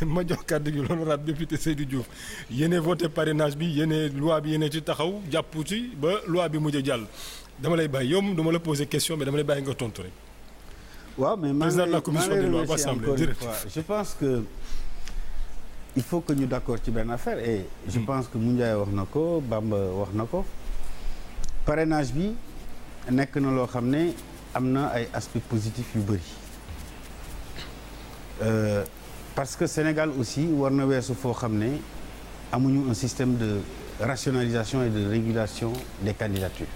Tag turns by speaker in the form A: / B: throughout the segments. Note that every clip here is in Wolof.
A: ma jox kàddu gi loolu raat député Seydou Diouf yéene voté parrainage bi yéene loi bi yéene ci taxaw jàpp ci ba loi bi mujj a jàll dama lay bàyyi yow du la posé question mais dama lay bàyyi nga tontu rek. waaw mais maa président de la commission des lois je pense que il faut que ñu d' accord ci benn affaire et je hmm. pense que Moundiaye wax na ko Bamba wax na ko parrainage bi nekk na loo xam ne am na ay aspects positifs yu bëri. Euh, parce que Sénégal aussi war na weesu foo xam ne amuñu un système de rationalisation et de régulation des candidatures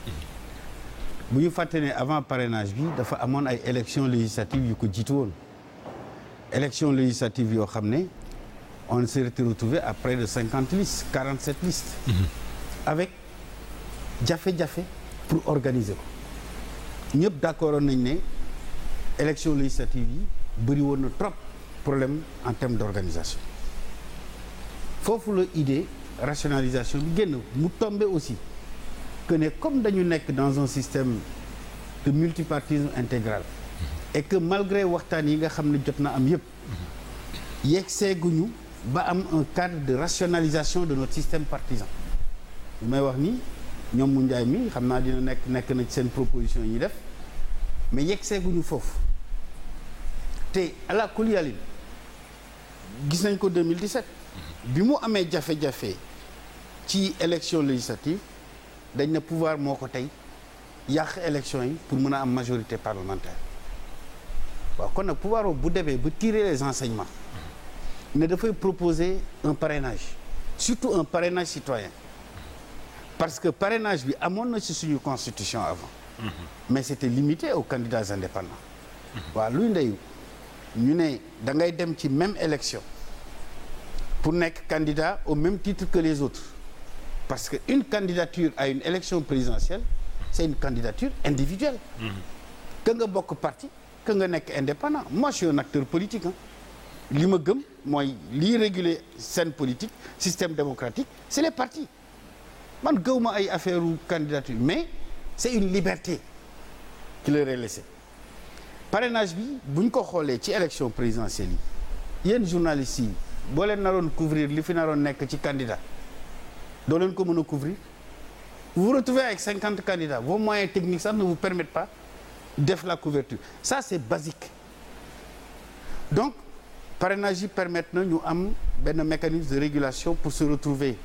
A: bu ñu fàtte ne avant parrainage bi dafa amoon ay élections législatives yu ko jiitu woon élection législatives yoo xam ne on s'est retrouvé à près de cinquante listes quarante sept listes mm avec jafe-jafe pour organiser ko ñëpp d'accord nañ ne élections législatives yi bëri woon na trop problème en termes d'organisation foofu la idée rationalisation bi génn mu tombé aussi que ne comme dañu nekk dans un système de multipartisme intégral et que malgré waxtaan yi nga xam ne jot na am yépp yegg seeguñu ba am un cadre de rationalisation de notre système partisan lu may wax ni ñoom mu njaay mi xam naa dina nekk nekk na ci seen proposition yi ñuy def mais yegg seeguñu foofu te à la gis nañ ko 2017. bi mu amee jafe-jafe ci élection législative dañ na pouvoir moo ko tey yàq élection yi pour mën a am majorité parlementaire waaw kon nag pouvoir bu demee ba tirer les enseignements ne dafay proposer un parrainage surtout un parrainage citoyen parce que parenage bi amoon na ci suñu constitution avant. Mm -hmm. mais c'était limité aux candidats indépendants. Mhm. waaw luy ndeyu. ñu ne da ngay dem ci même élection pour nekk candidat au même titre que les autres parce que une candidature à une élection présidentielle c'est une candidature individuelle mm-hmm. que nga bokk parti que nga nekk indépendant moi je un acteur politique hein li ma gëm mooy li réguler scène politique système démocratique c'est les partis man gëwma ay affaire ou candidature mais c'est une liberté qui leur est parrainage bi bu ñu ko xoolee ci élection présidentielle yi yéen journalistes yi boo leen naroon couvrir li fi naroon nekk ci candidat doo leen ko mën a couvrir vous vous avec cinquante candidats vos moyens techniques sax ne vous permettent pas def la couverture ça c'est basique donc parenage yi permettre na ñu am benn mécanisme de régulation pour se retrouver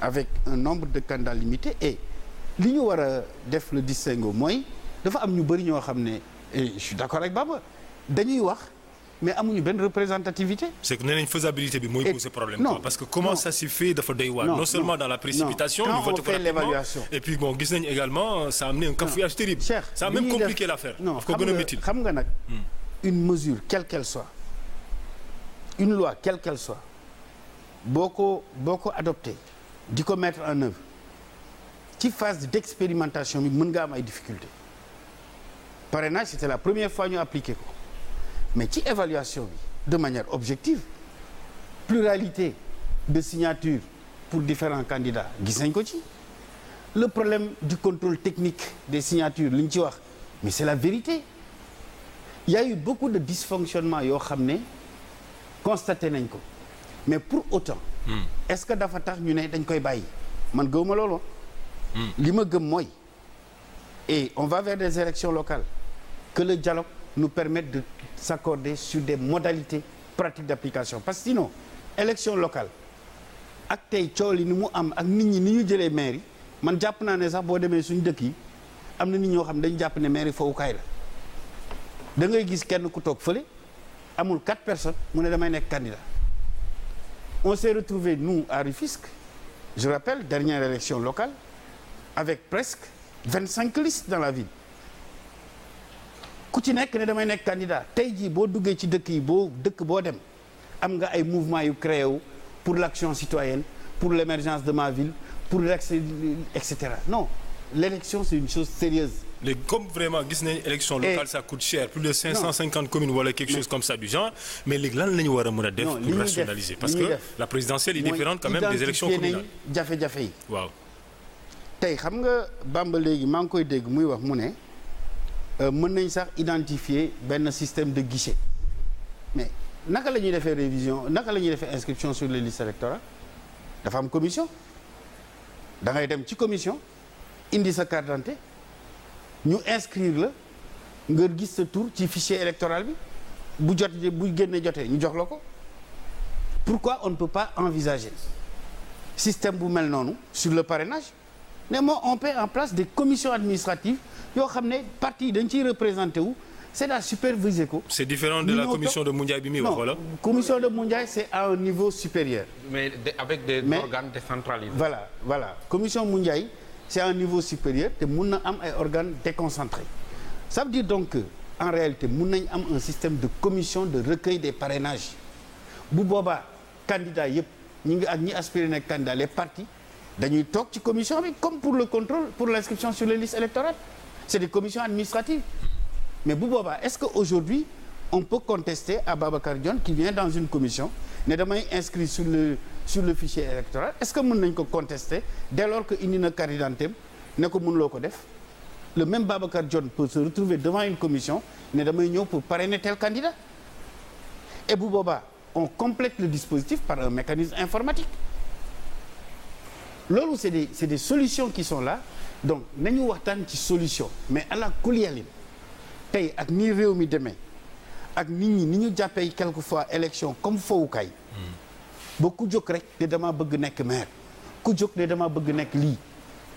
A: avec un nombre de candidats limité et li ñu war a def le distinguo mooy dafa am ñu bëri ñoo xam ne et je suis d'accord avec Baba dañuy wax mais amuñu benn représentativité. c'est que nee nañ faisabilité bi mooy poser problème. non parce que comment non, ça se fait dafa doy waar. non seulement dans la précipitation. non on fait l'évaluation et puis bon gis nañ également ça a amené un compliqué l'affaire. non xam nga nag. Hmm. une mesure quelle qu'elle soit une loi quelle qu'elle soit boo ko boo ko adopté di ko mettre en œuvre ci phase d'expérimentation bi mën nga am ay difficultés. parrainage c'était la première fois ñu appliqué ko mais ci évaluation bi de manière objective pluralité de signatures pour différents candidats gis nañ ko ci le problème du contrôle technique des signatures li ñu ci wax mais c'est la vérité il y a eu beaucoup de dysfonctionnements yoo xam ne constaté nañ ko mais pour autant hmm. est-ce que dafa tax ñu ne dañ koy bàyyi man gëwuma loolu hmm. li ma gëm mooy et on va vers des élections locales que le dialogue nous permette de s'accorder sur des modalités pratiques d'application parce que sinon élection locale ak tey coow li ni mu am ak nit ñi ni ñu jëlee mairie man jàpp naa ne sax boo demee suñu dëkk yi am na nit ñoo xam ne dañu jàpp ne mairie fowukaay la da ngay gis kenn ku toog fële amul quatre personnes mu ne damay nekk candidat on s'est retrouvé nous à Rufisque jee rappelle dernière élection locale avec presque vingt cinq listes dans la ville ci nekk ne damay nekk candidat tey jii boo duggee ci dëkk yi boo dëkk boo dem am nga ay mouvement yu créé wu pour l'action citoyenne pour l'émergence de ma ville pour l'accès et cetera non l'élection c'est une chose sérieuse léegi comme vraiment gis nañu élection locale ça coûte cher plus de communes wala quelque chose comme ça du genre mais lan la ñu war a mën a def pour rationaliser parce que la présidentielle est différente quand même des élections communales jafe-jafe xam nga Bamba léegi maa ngi koy dégg muy wax mu ne Euh, mën nañ sax identifier benn système de guichet mais naka la ñuy defee révision naka la ñuy defee inscription sur les listes électorales dafa am commission dangay dem ci commission indi sa carte ñu inscrir la nga gis sa tour ci fichier électoral bi bu jot bu génnee jotee ñu jox la ko pourquoi on ne peut pas envisager système bu mel noonu sur le parenage ne moo on met en place des commissions administratives yoo xam ne parti dañ ciy représenté wu c'est à superviser ko. c'est différent de la commission de Moundiaye bi muy wax wala. commission de Moundiaye c'est à un niveau supérieur. mais avec des organes décentralisés. voilà voilà commission Moundiaye c'est à un niveau supérieur te mun na am ay organes déconcentrés ça veut dire donc en réalité mun nañ am un système de commission de recueil des parrainages bu boobaa candidats yëpp ñi ngi ak ñi aspiré nekk candidat les partis. dañuy toog ci commission bi comme pour le contrôle pour l'inscription sur les listes électorales c'est des commissions administratives mais bu boobaa est-ce que aujourd'hui on peut contester à Babacar Dione qui vient dans une commission ne damay inscrit sur le le fichier électoral est-ce que mën nañ ko contester dès lors que indi na ne ko mën loo ko def le même Babacar Dione peut se retrouver devant une commission ne damay ñëw pour parrainer tel candidat et bu boobaa on complète le dispositif par mécanisme informatique loolu c'est des c'est des solutions qui sont là donc nañu waxtaan ci solution mais ala kuliyalin tey ak ni réew mi demee ak nit ñi ni ñu jàppee quelquefois élection comme fowukaay ba ku jóg rek ne dama bëgg nekk maire ku jóg ne dama bëgg nekk lii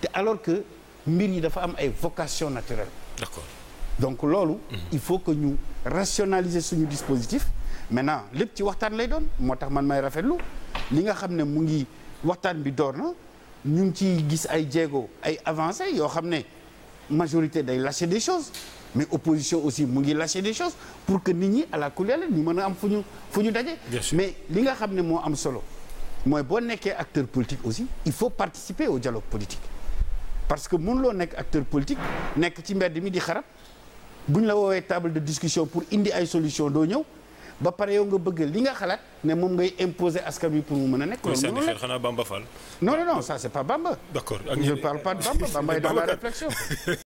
A: te alors que mbir yi dafa am ay vocation naturelle donc loolu mhm. il faut que ñu rationaliser suñu dispositif maintenant lépp ci waxtaan lay doon moo tax man may rafetlu li nga xam ne mu ngi waxtaan bi doon na ñu ngi ciy gis ay jéego ay avancées yoo xam ne majorité day lâcher des choses mais opposition aussi mu ngi lâcher des choses pour que nit ñi à la coulée ñu mën a am fu ñu fu ñu daje. mais li nga xam ne moo am solo mooy boo nekkee acteur politique aussi il faut participer au dialogue politique. parce que loo nekk acteur politique nekk ci mbedd mi di xarab bu ñu la woowee table de discussion pour indi ay solution doo ñëw. ba pare yow nga bëgg li nga xalaat ne mom ngay imposer askan wi pour mu mën a nekk. loolu moom la xel xanaa Bamba Fall. non non non ça c'est pas Bamba. d'accord je parle pas de Bamba Bamba est dans la réflexion.